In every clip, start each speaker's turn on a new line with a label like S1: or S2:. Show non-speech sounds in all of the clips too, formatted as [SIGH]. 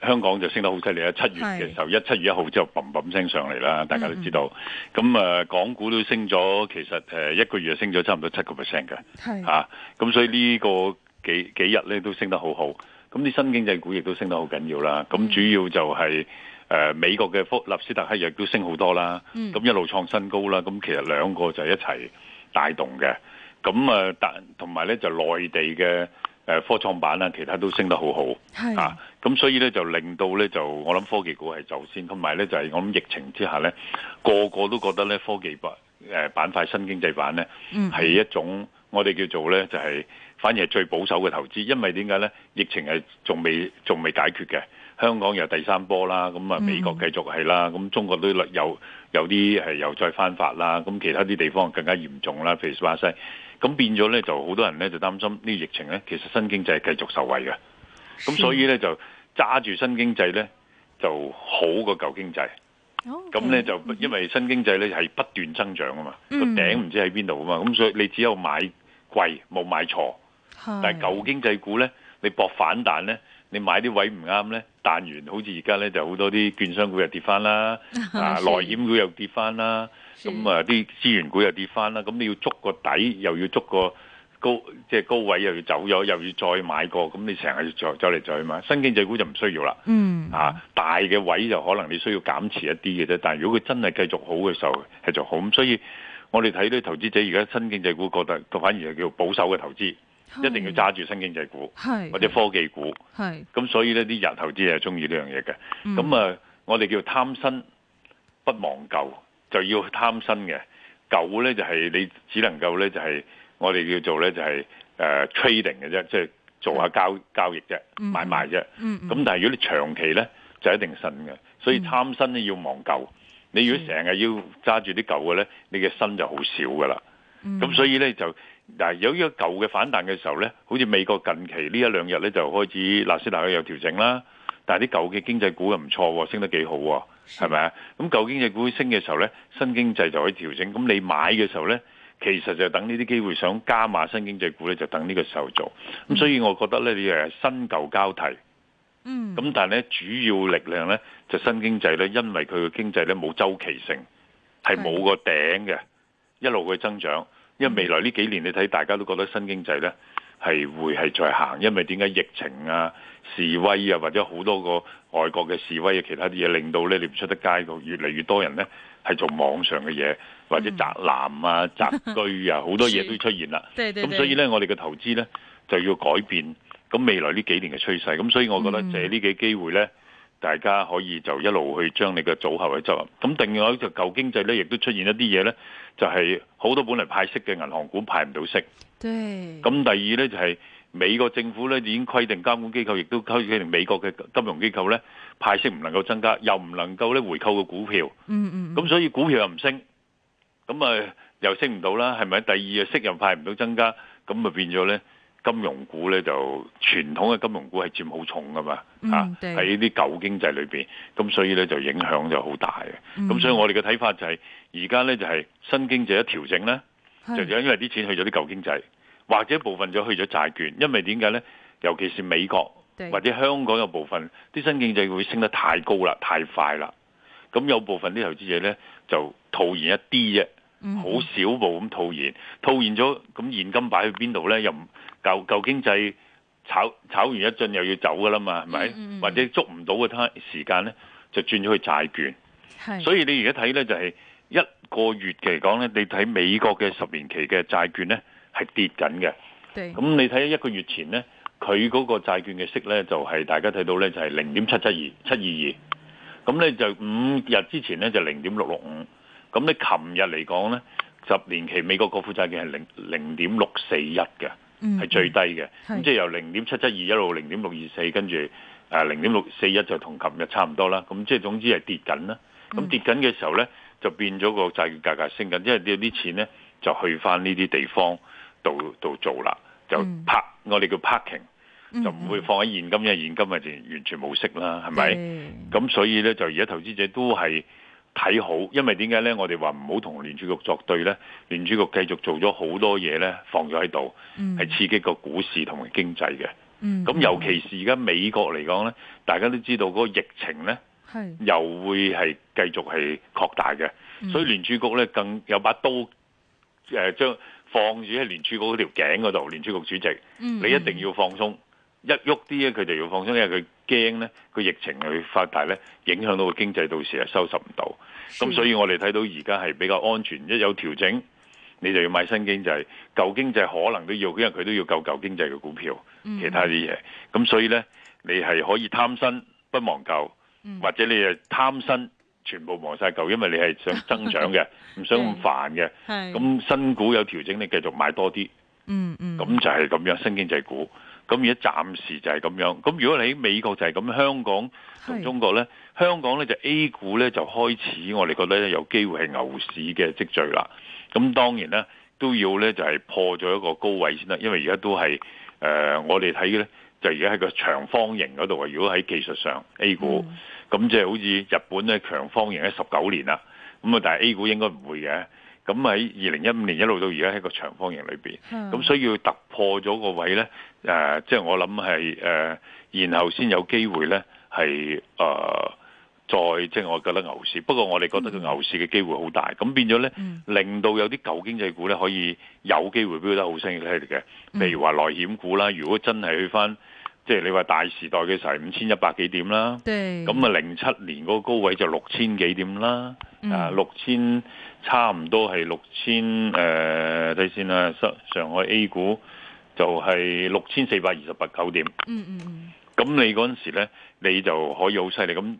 S1: 香港就升得好犀利啦！七月嘅時候，一七月一號之後，砰砰升上嚟啦，大家都知道。咁、mm、啊 -hmm.，港股都升咗，其實誒一個月升咗差唔多七個 percent 嘅，咁、啊、所以呢個幾幾日咧都升得好好。咁啲新經濟股亦都升得好緊要啦。咁、mm -hmm. 主要就係、是、誒、呃、美國嘅福納斯達克亦都升好多啦。咁、mm -hmm. 一路創新高啦。咁其實兩個就一齊帶動嘅。咁啊，但同埋咧就內地嘅、呃、科創板啦、啊，其他都升得好好，咁所以咧就令到咧就我諗科技股係走先，同埋咧就係、是、我諗疫情之下咧，個個都覺得咧科技板誒板塊新經濟板咧係、嗯、一種我哋叫做咧就係、是、反而係最保守嘅投資，因為點解咧？疫情係仲未仲未解決嘅，香港又第三波啦，咁啊美國繼續係啦，咁、嗯、中國都又有啲係又再翻發啦，咁其他啲地方更加嚴重啦，譬如巴西，咁變咗咧就好多人咧就擔心呢個疫情咧，其實新經濟係繼續受惠嘅。咁、嗯、所以咧就揸住新經濟咧就好過舊經濟，
S2: 咁、okay，咧、um，
S1: 就因為新經濟咧係不斷增長啊嘛，個、um，頂唔知喺邊度啊嘛，咁所以你只有買貴冇買錯，
S2: 但係舊
S1: 經濟股咧你搏反彈咧，你買啲位唔啱咧，彈完好似而家咧就好多啲券商股又跌翻啦， [LAUGHS] 啊內險股又跌翻啦，咁啊啲資源股又跌翻啦，咁你要捉個底又要捉個。高即係、就是、高位又要走咗，又要再買過，咁你成日要再走嚟再買新經濟股，就唔需要啦。嗯啊，大嘅位就可能你需要減持一啲嘅啫。但係如果佢真係繼續好嘅時候係就好。咁所以我哋睇到投資者而家新經濟股覺得，佢反而係叫保守嘅投資，一定要揸住新經濟股，係或者科技股，係咁所以呢啲人投資係中意呢樣嘢嘅。咁、嗯、啊，我哋叫貪新不忘舊，就要貪新嘅舊咧就係、是、你只能夠咧就係、是。我哋叫做咧就係誒、uh, trading 嘅啫，即、就、係、是、做下交交易啫，mm -hmm. 買賣啫。咁、mm -hmm. 但係如果你長期咧，就一定新嘅。所以貪新咧要忘舊。Mm -hmm. 你如果成日要揸住啲舊嘅咧，你嘅新就好少噶啦。咁、mm -hmm. 所以咧就嗱，有一舊嘅反彈嘅時候咧，好似美國近期呢一兩日咧就開始納斯達克有調整啦。但係啲舊嘅經濟股又唔錯，哦，升得幾好喎，哦，係咪啊？咁舊經濟股升嘅時候咧，新經濟就可以調整。咁你買嘅時候咧，其實就等呢啲機會，想加碼新經濟股咧，就等呢個時候做。咁、嗯、所以我覺得咧，你係新舊交替。
S2: 嗯。咁
S1: 但係咧，主要力量咧就新經濟咧，因為佢個經濟咧冇周期性，係冇個頂嘅，一路去增長。因為未來呢幾年你睇大家都覺得新經濟咧係會係再行，因為點解疫情啊、示威啊，或者好多個外國嘅示威啊，其他啲嘢令到咧你唔出得街，個越嚟越多人咧係做網上嘅嘢。或者宅男啊、宅居啊，好多嘢都出現啦。咁 [LAUGHS] 所以呢，我哋嘅投資呢，就要改變。咁未來呢幾年嘅趨勢，咁所以我覺得借呢幾機會呢，嗯、大家可以就一路去將你嘅組合去執。咁另外就舊經濟呢，亦都出現一啲嘢呢，就係、是、好多本嚟派息嘅銀行股派唔到息。
S2: 對。
S1: 咁第二呢，就係、是、美國政府呢已經規定監管機構，亦都規定美國嘅金融機構呢派息唔能夠增加，又唔能夠呢回購個股票。嗯嗯。咁所以股票又唔升。咁啊，又升唔到啦，係咪第二日息又派唔到增加？咁啊變咗咧，金融股咧就傳統嘅金融股係佔好重噶
S2: 嘛，喺
S1: 呢啲舊經濟裏面，咁所以咧就影響就好大嘅。咁、嗯、所以我哋嘅睇法就係、是，而家咧就係新經濟一調整咧，就因為啲錢去咗啲舊經濟，或者部分就去咗債券，因為點解咧？尤其是美國或者香港有部分，啲新經濟會升得太高啦、太快啦，咁有部分啲投資者咧就套現一啲啫。好、mm、少 -hmm. 步咁套現，套現咗咁現金擺去邊度呢？又舊舊經濟炒炒完一進又要走噶啦嘛，係咪？Mm -hmm. 或者捉唔到嘅 time 時間咧，就轉咗去債券。Mm -hmm. 所以你而家睇呢，就係、是、一個月嘅嚟講呢，你睇美國嘅十年期嘅債券呢，係跌緊嘅。
S2: 對，咁
S1: 你睇一個月前呢，佢嗰個債券嘅息呢，就係、是、大家睇到呢，就係零點七七二七二二，咁呢就五日之前呢，就零點六六五。咁你琴日嚟講咧，十年期美國國庫債券係零零點六四一嘅，
S2: 係、嗯、最低
S1: 嘅。咁即係由零點七七二一路零點六二四，呃、跟住誒零點六四一就同琴日差唔多啦。咁即係總之係跌緊啦。咁、嗯、跌緊嘅時候咧，就變咗個債券價格升緊，因為有啲錢咧就去翻呢啲地方度度做啦，就 park、嗯，我哋叫 parking，就唔會放喺現金嗯嗯，因為現金就完全冇息啦，係咪？咁所以咧就而家投資者都係。睇好，因為點解咧？我哋話唔好同聯儲局作對咧，聯儲局繼續做咗好多嘢咧，放咗喺度，係、嗯、刺激個股市同埋經濟嘅。
S2: 咁、嗯、尤其
S1: 是而家美國嚟講咧，大家都知道嗰個疫情咧，
S2: 係
S1: 又會係繼續係擴大嘅、嗯，所以聯儲局咧更有把刀誒將、呃、放住喺聯儲局嗰條頸嗰度，聯儲局主席、嗯，你一定要放鬆。一喐啲咧，佢就要放鬆，因為佢驚咧個疫情去發大咧，影響到個經濟，到時係收拾唔到。咁所以我哋睇到而家係比較安全。一有調整，你就要買新經濟，舊經濟可能都要，因為佢都要救舊經濟嘅股票，mm -hmm. 其他啲嘢。咁所以咧，你係可以貪新不忘舊，mm -hmm. 或者你係貪新全部忘晒舊，因為你係想增長嘅，唔 [LAUGHS] 想咁煩嘅。咁、mm -hmm.，新股有調整，你繼續買多啲。嗯嗯。咁就係咁樣，新經濟股。咁而家暫時就係咁樣。咁如果你喺美國就係咁，香港同中國咧，香港咧就 A 股咧就開始我哋覺得咧有機會係牛市嘅積聚啦。咁當然啦，都要咧就係、是、破咗一個高位先得，因為而家都係誒、呃、我哋睇嘅咧就而家喺個長方形嗰度啊。如果喺技術上 A 股，咁即係好似日本咧長方形咧十九年啦。咁啊，但係 A 股應該唔會嘅。咁喺二零一五年一路到而家喺個長方形裏面，咁所以要突破咗個位呢。即、呃、係、就是、我諗係、呃、然後先有機會呢係、呃、再即係、就是、我覺得牛市。不過我哋覺得個牛市嘅機會好大，咁、嗯、變咗呢，令到有啲舊經濟股呢可以有機會飆得好升嘅勢嘅，譬如話內險股啦，如果真係去翻。即係你話大時代嘅時候五千一百幾點啦，咁啊零七年嗰個高位就六千幾點啦，
S2: 嗯、啊六
S1: 千差唔多係六千誒睇先啦，上海 A 股就係六千四百二十八九點，嗯
S2: 嗯
S1: 咁你嗰陣時呢，你就可以好犀利，咁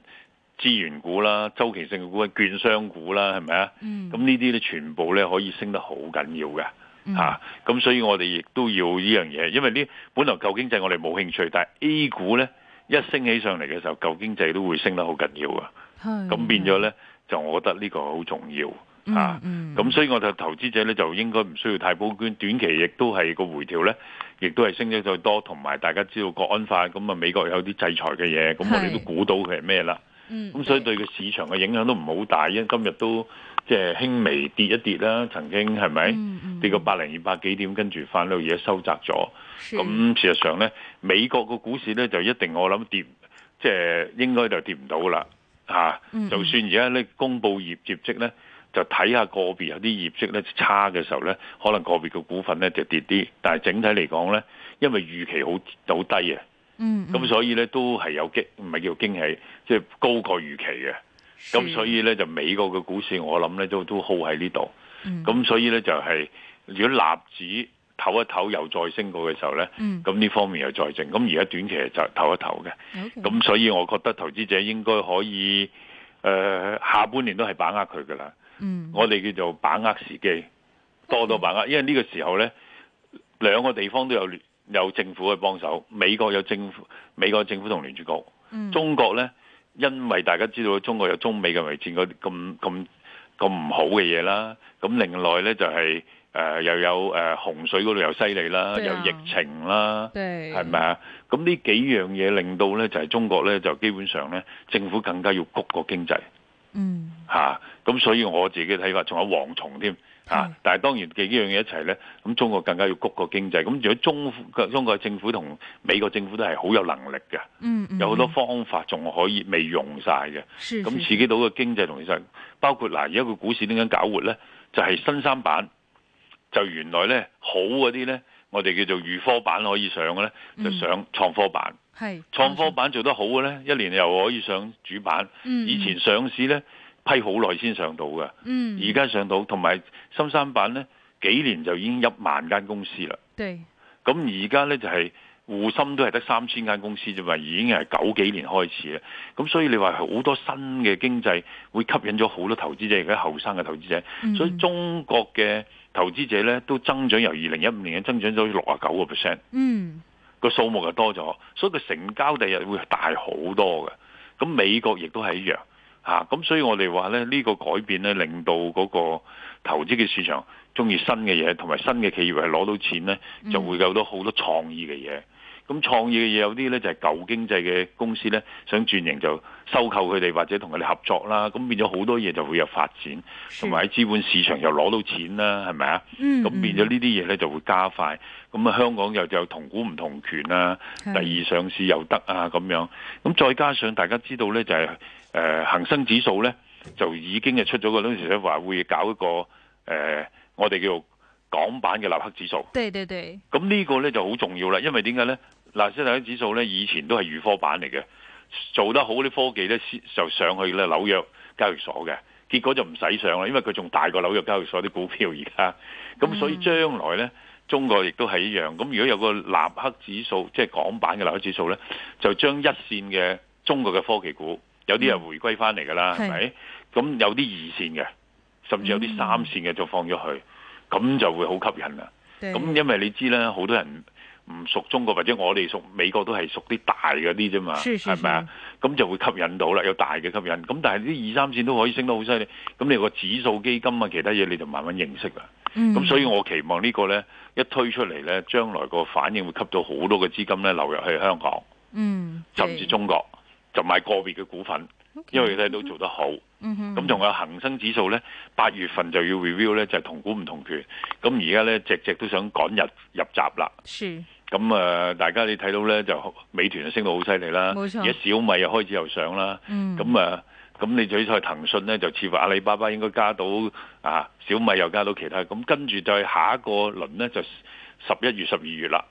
S1: 資源股啦、周期性嘅股啊、券商股啦，係咪啊？咁呢啲呢，全部呢，可以升得好緊要嘅。吓、嗯、咁、啊、所以我哋亦都要呢樣嘢，因為呢本來舊經濟我哋冇興趣，但係 A 股，呢一升起上嚟嘅時候，舊經濟都會升得好緊要噶。
S2: 咁變咗
S1: 呢，就我覺得呢個好重要
S2: 啊，咁、
S1: 嗯嗯啊、所以我哋投資者呢，就應該唔需要太保娟，短期亦都係個回調呢，亦都係升得再多，同埋大家知道國安法咁啊，美國有啲制裁嘅嘢，咁我哋都估到佢係咩啦，咁、嗯啊、所以對個市場嘅影響都唔好大，因為今日都。即係輕微跌一跌啦，曾經係咪跌個百零二百幾點，跟住翻到而家收窄咗。咁事實上咧，美國個股市咧就一定我諗跌，即係應該就跌唔到啦嚇、啊嗯。就算而家咧公佈，業業績咧，就睇下個別有啲業績咧差嘅時候咧，可能個別嘅股份咧就跌啲，但係整體嚟講咧，因為預期好好低啊，
S2: 咁、嗯、所
S1: 以咧都係有驚唔係叫驚喜，即係高過預期嘅。咁、嗯、所以咧、啊嗯、就美國嘅股市我呢，我諗咧都都好喺呢度。咁所以咧就係、是，如果納指唞一唞又再升過嘅時候咧，咁、嗯、呢方面又再正。咁而家短期就唞一唞嘅。咁、okay，所以我覺得投資者應該可以誒、呃、下半年都係把握佢㗎啦。我哋叫做把握時機，多多把握，嗯、因為呢個時候咧兩個地方都有有政府嘅幫手。美國有政府，美國有政府同聯儲局、嗯。中國咧。因為大家知道中國有中美嘅圍戰嗰啲咁咁咁唔好嘅嘢啦，咁另外呢就係誒又有誒洪水嗰度又犀利啦，又疫情啦，
S2: 係咪啊？
S1: 咁呢幾樣嘢令到呢就係中國呢就基本上呢政府更加要谷個經濟，嗯，嚇，咁所以我自己睇法仲有蝗蟲添。是啊！但係當然幾，幾樣嘢一齊咧，咁、嗯、中國更加要谷個經濟。咁如果中中國政府同美國政府都係好有能力嘅，有好多方法仲可以未用晒嘅。咁刺激到個經濟同其實包括嗱，而家個股市點樣搞活咧？就係、是、新三板就原來咧好嗰啲咧，我哋叫做預科板可以上嘅咧、嗯，就上創科板。
S2: 係創科
S1: 板做得好嘅咧，一年又可以上主板。嗯、以前上市咧。批好耐先上到嘅，而、嗯、家上到，同埋深三板呢，幾年就已經一萬間公司啦。咁而家呢，就係滬深都係得三千間公司啫嘛，已經係九幾年開始啦。咁所以你話好多新嘅經濟會吸引咗好多投資者，而家後生嘅投資者、嗯，所以中國嘅投資者呢，都增長由二零一五年增長咗六十九個 percent。嗯，個數目就多咗，所以個成交第日會，會大好多嘅。咁美國亦都係一樣。咁、啊、所以我哋話咧，呢個改變咧，令到嗰個投資嘅市場中意新嘅嘢，同埋新嘅企業，係攞到錢咧，就會有到好多創意嘅嘢。咁創業嘅嘢有啲咧，就係舊經濟嘅公司咧，想轉型就收購佢哋，或者同佢哋合作啦。咁變咗好多嘢就會有發展，同埋喺資本市場又攞到錢啦，係咪啊？咁變咗呢啲嘢咧就會加快。咁啊，香港又就同股唔同權啊，第二上市又得啊，咁樣。咁再加上大家知道咧，就係誒、呃、恒生指數咧，就已經係出咗個董事長話會搞一個誒、呃，我哋叫做港版嘅立克指數。
S2: 對對對。
S1: 咁呢個咧就好重要啦，因為點解咧？嗱，納斯達克指數咧以前都係預科版嚟嘅，做得好啲科技咧就上去咧紐約交易所嘅，結果就唔使上啦，因為佢仲大過紐約交易所啲股票而家。咁所以將來咧，中國亦都係一樣。咁如果有個納克指數，即係港版嘅納克指數咧、就是，就將一線嘅中國嘅科技股，有啲人回歸翻嚟㗎啦，係、嗯、咪？咁有啲二線嘅，甚至有啲三線嘅就放咗去，咁就會好吸引啦。咁因為你知啦，好多人。唔熟中國或者我哋熟美國都係熟啲大嗰啲啫嘛，係咪啊？咁就會吸引到啦，有大嘅吸引。咁但係啲二三線都可以升得好犀利。咁你個指數基金啊，其他嘢你就慢慢認識啦。咁、嗯、所以我期望呢個呢，一推出嚟呢，將來個反應會吸到好多嘅資金呢流入去香港、嗯，甚至中國，就買個別嘅股份，okay，因為睇都做得好。咁、嗯、仲有恆生指數呢，八月份就要 review 呢，就係、是、同股唔同權。咁而家呢，只只都想趕入入閘啦。咁誒，大家你睇到咧就美團升到好犀利啦，而家小米又開始又上啦。咁、嗯、誒，咁你再睇騰訊咧，就似乎阿里巴巴應該加到啊，小米又加到其他。咁跟住再下一個輪咧，就十一月十二月啦。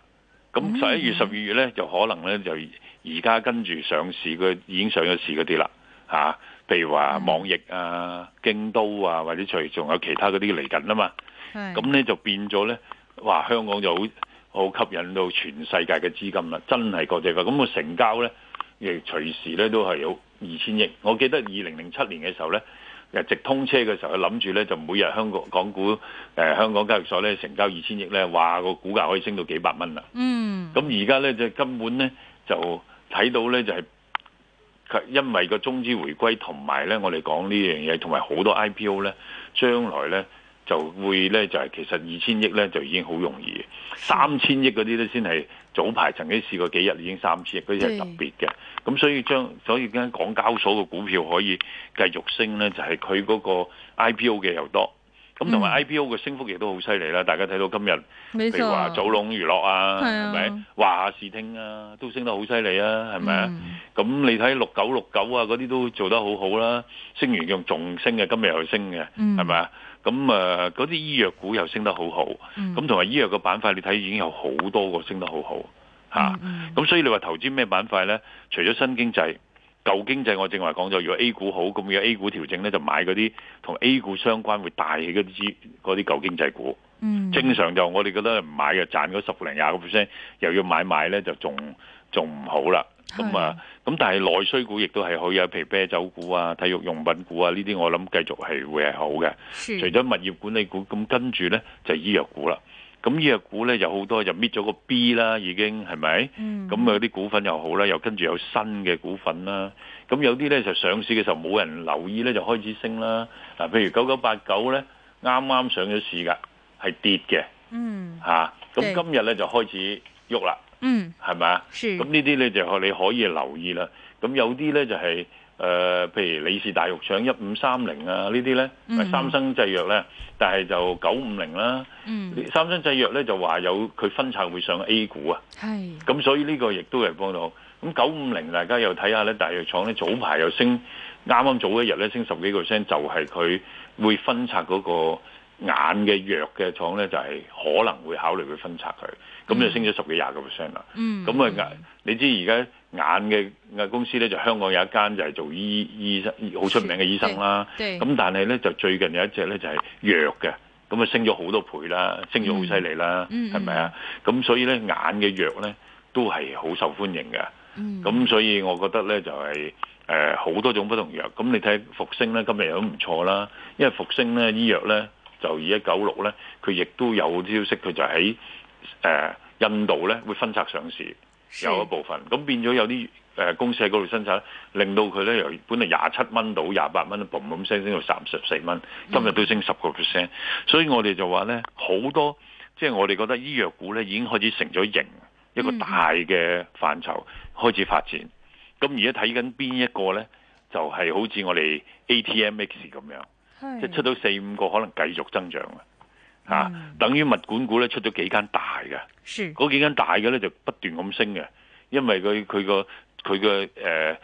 S1: 咁十一月十二月咧、嗯，就可能咧就而家跟住上市佢已經上咗市嗰啲啦嚇，譬、啊、如話網易啊、嗯、京東啊，或者隨仲有其他嗰啲嚟緊啊嘛。咁咧就變咗咧，哇！香港就好。好吸引到全世界嘅資金啦，真係國際化。咁、個成交呢，亦隨時呢都係有二千億。我記得二零零七年嘅時候呢，日直通車嘅時候，佢諗住呢就每日香港港股誒、呃、香港交易所呢成交二千億呢，話個股價可以升到幾百蚊啦。嗯。咁而家呢，就根本呢就睇到呢，就係、是，因為個中資回歸同埋呢我哋講呢樣嘢，同埋好多 IPO 呢將來呢，就會咧就係、是、其實二千億咧就已經好容易，三千億嗰啲咧先係早排曾經試過幾日已經三千億嗰啲係特別嘅。咁所以將所以而家港交所嘅股票可以繼續升咧，就係佢嗰個 IPO 嘅又多，咁同埋 IPO 嘅升幅亦都好犀利啦。大家睇到今日，
S2: 譬如話早龍
S1: 娛樂啊，係咪華視聽啊都升得好犀利啊，係咪、嗯、啊？咁你睇六九六九啊嗰啲都做得好好、啊、啦，升完又仲升嘅，今日又升嘅，係咪啊？咁誒，嗰啲醫藥股又升得好好，咁同埋醫藥個板塊，你睇已經有好多個升得好好咁、
S2: 啊嗯
S1: 嗯、所以你話投資咩板塊呢？除咗新經濟、舊經濟，我正話講咗，如果 A 股好，咁嘅 A 股調整呢，就買嗰啲同 A 股相關會大起嗰啲嗰啲舊經濟股。嗯、正常就我哋覺得唔買嘅賺咗十零廿個 percent，又要買買呢，就仲仲唔好啦。咁啊，咁但係內需股亦都係好，有譬如啤酒股啊、體育用品股啊呢啲，我諗繼續係會係好嘅。除咗物業管理股，咁跟住呢就醫藥股啦。咁醫藥股呢有好多就搣咗個 B 啦，已經係咪？嗯。咁啊，啲股份又好啦，又跟住有新嘅股份啦。咁有啲呢就上市嘅時候冇人留意呢，就開始升啦。嗱，譬如九九八九呢，啱啱上咗市噶，係跌嘅。嗯。嚇！咁今日呢就開始喐啦。嗯，係咪啊？咁呢啲咧就可你可以留意啦。咁有啲咧就係、是、誒、呃，譬如李氏大藥廠一五三零啊，這些呢啲咧、嗯，三生製藥咧，但係就九五零啦。嗯。三生製藥咧就話有佢分拆會上 A 股啊。係。咁所以呢個亦都係幫到。咁九五零大家又睇下咧，大藥廠咧早排又升，啱啱早一日咧升十幾個 percent 就係、是、佢會分拆嗰、那個。眼嘅藥嘅廠咧就係、是、可能會考慮去分拆佢，咁就升咗十幾廿個 percent 啦。嗯。咁啊、嗯，你知而家眼嘅嘅公司咧就香港有一間就係做醫醫生好出名嘅醫生啦。咁但係咧就最近有一隻咧就係藥嘅，咁啊升咗好多倍啦，升咗好犀利啦。係係咪啊？咁、嗯、所以咧眼嘅藥咧都係好受歡迎嘅。咁、嗯、所以我覺得咧就係誒好多種不同藥，咁你睇復星咧今日都唔錯啦，因為復星咧醫藥咧。就而家九六咧，佢亦都有消息，佢就喺誒、呃、印度咧會分拆上市有一個部分，咁變咗有啲誒、呃、公司嗰度生產，令到佢咧由本嚟廿七蚊到廿八蚊，嘭嘭聲升到三十四蚊，今日都升十個 percent，所以我哋就話咧好多，即係我哋覺得醫藥股咧已經開始成咗型、
S2: 嗯，一個大
S1: 嘅範疇開始發展，咁而家睇緊邊一個咧，就係好似我哋 ATMX 咁樣。即係出到四五個可能繼續增長嘅，吓、啊嗯、等於物管股咧出咗幾間大嘅，嗰幾間大嘅咧就不斷咁升嘅，因為佢佢個佢個誒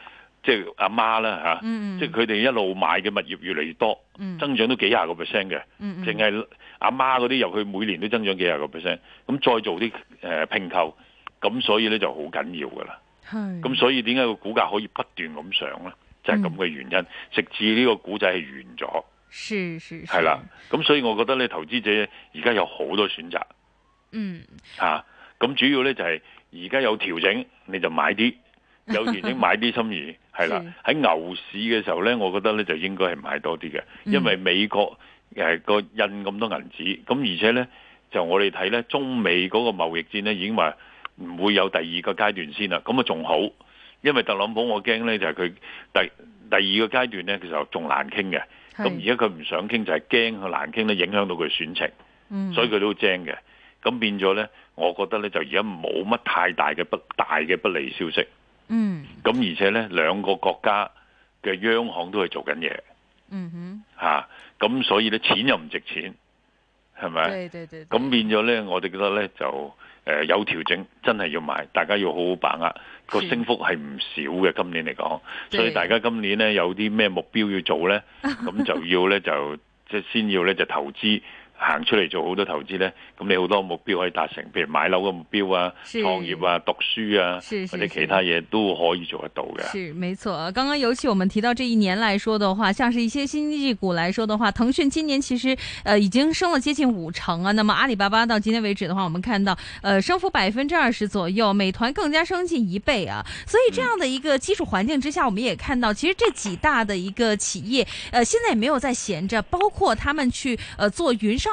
S1: 即係阿媽啦吓，即係佢哋一路買嘅物業越嚟越多，嗯，增長都幾廿個 percent 嘅，淨係阿媽嗰啲入去每年都增長幾廿個 percent，咁、嗯、再做啲誒、呃、併購，咁所以咧就好緊要噶啦，咁所以點解個股價可以不斷咁上咧？就係咁嘅原因，嗯、直至呢個股仔係完咗。
S2: 是是係啦，
S1: 咁所以我覺得咧，投資者而家有好多選擇，嗯，吓、啊、咁主要咧就係而家有調整，你就買啲有調整，買啲心儀係 [LAUGHS] 啦。喺牛市嘅時候咧，我覺得咧就應該係買多啲嘅、嗯，因為美國誒個印咁多銀紙，咁而且咧就我哋睇咧中美嗰個貿易戰咧已經話唔會有第二個階段先啦。咁啊仲好，因為特朗普我驚咧就係、是、佢第第二個階段咧，其實仲難傾嘅。咁而家佢唔想傾就係驚佢難傾咧，影響到佢選情，mm -hmm. 所以佢都精嘅。咁變咗呢，我覺得呢，就而家冇乜太大嘅不大嘅不利消息。嗯。咁而且呢，兩個國家嘅央行都係做緊嘢。嗯、
S2: mm、哼 -hmm.
S1: 啊。嚇！咁所以呢，錢又唔值錢，係、啊、咪？對對
S2: 對。咁
S1: 變咗呢，我哋覺得呢，就誒、呃、有調整，真係要買，大家要好好把握。那個升幅係唔少嘅，今年嚟講，
S2: 所以大家
S1: 今年咧有啲咩目標要做咧，咁就要咧 [LAUGHS] 就即係先要咧就投資。行出嚟做好多投資呢，咁你好多目標可以達成，譬如買樓嘅目標啊、創業啊、讀書啊，是，是，或者其他嘢都可以做得到嘅。
S3: 是，沒錯。剛剛尤其我們提到這一年來說的話，像是一些新經濟股來說的話，騰訊今年其實，呃，已經升了接近五成啊。那麼阿里巴巴到今天為止的話，我們看到，呃，升幅百分之二十左右，美團更加升近一倍啊。所以這樣的一個基礎環境之下，嗯，我們也看到，其實這幾大的一個企業，呃，現在也沒有在閒着，包括他們去，呃，做雲商。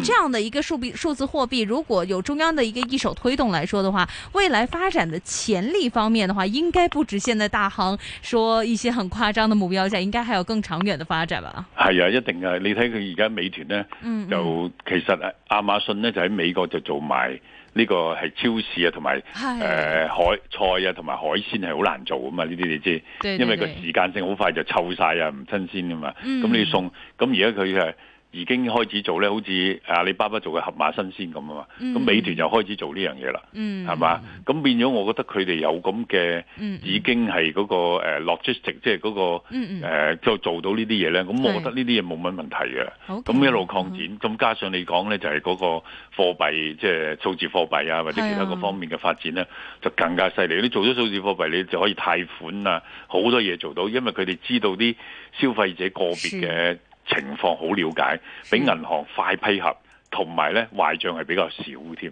S3: 這樣的一個數幣數字貨幣，如果有中央的一個一手推動來說的話，未來發展的潛力方面的話，應該不止現在大行說一些很誇張的目標價，應該還有更長遠的發展吧？
S1: 係啊，一定啊！你睇佢而家美團呢，嗯嗯，就其實亞馬遜呢，就喺美國就做埋呢個係超市啊，同埋誒海菜啊，同埋海鮮係好難做啊嘛！呢啲你知道對對對，因為個時間性好快就臭晒啊，唔新鮮啊嘛！咁、嗯、你送咁而家佢係。已經開始做咧，好似阿里巴巴做嘅盒馬新鮮咁啊嘛，咁、mm -hmm. 美團又開始做呢樣嘢啦，係、mm、嘛 -hmm.？咁變咗，我覺得佢哋有咁嘅已經係嗰、那個、uh, logistics，即係嗰、那個、uh, 就做到呢啲嘢咧。咁、mm -hmm. 我覺得呢啲嘢冇乜問題嘅。咁、okay. 一路擴展，咁、mm -hmm. 加上你講咧，就係、是、嗰個貨幣，即、就、係、是、數字貨幣啊，或者其他各方面嘅發展咧，yeah. 就更加犀利。你做咗數字貨幣，你就可以貸款啊，好多嘢做到，因為佢哋知道啲消費者個別嘅。情況好了解，比銀行快批核，同埋咧壞賬係比較少添。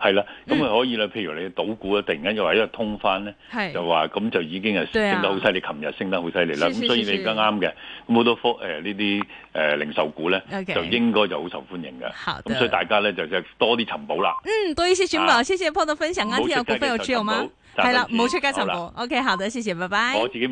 S1: 係啦，咁啊可以啦，嗯。譬如你賭股啊，突然間又話因為通翻咧，就話咁就已經係升得好犀利。琴日，啊，升得好犀利啦。咁所以你而家啱嘅，咁好多科誒呢啲誒零售股咧、okay，就應該就好受歡迎嘅。咁所以大家咧就即係多啲尋寶啦。
S3: 嗯，多一些尋寶，啊，寶，謝謝波哥分享啱聽，啊，有股分有持有嗎？係啦，唔好出街尋寶。OK，好，好的，謝謝，拜拜。我
S1: 自己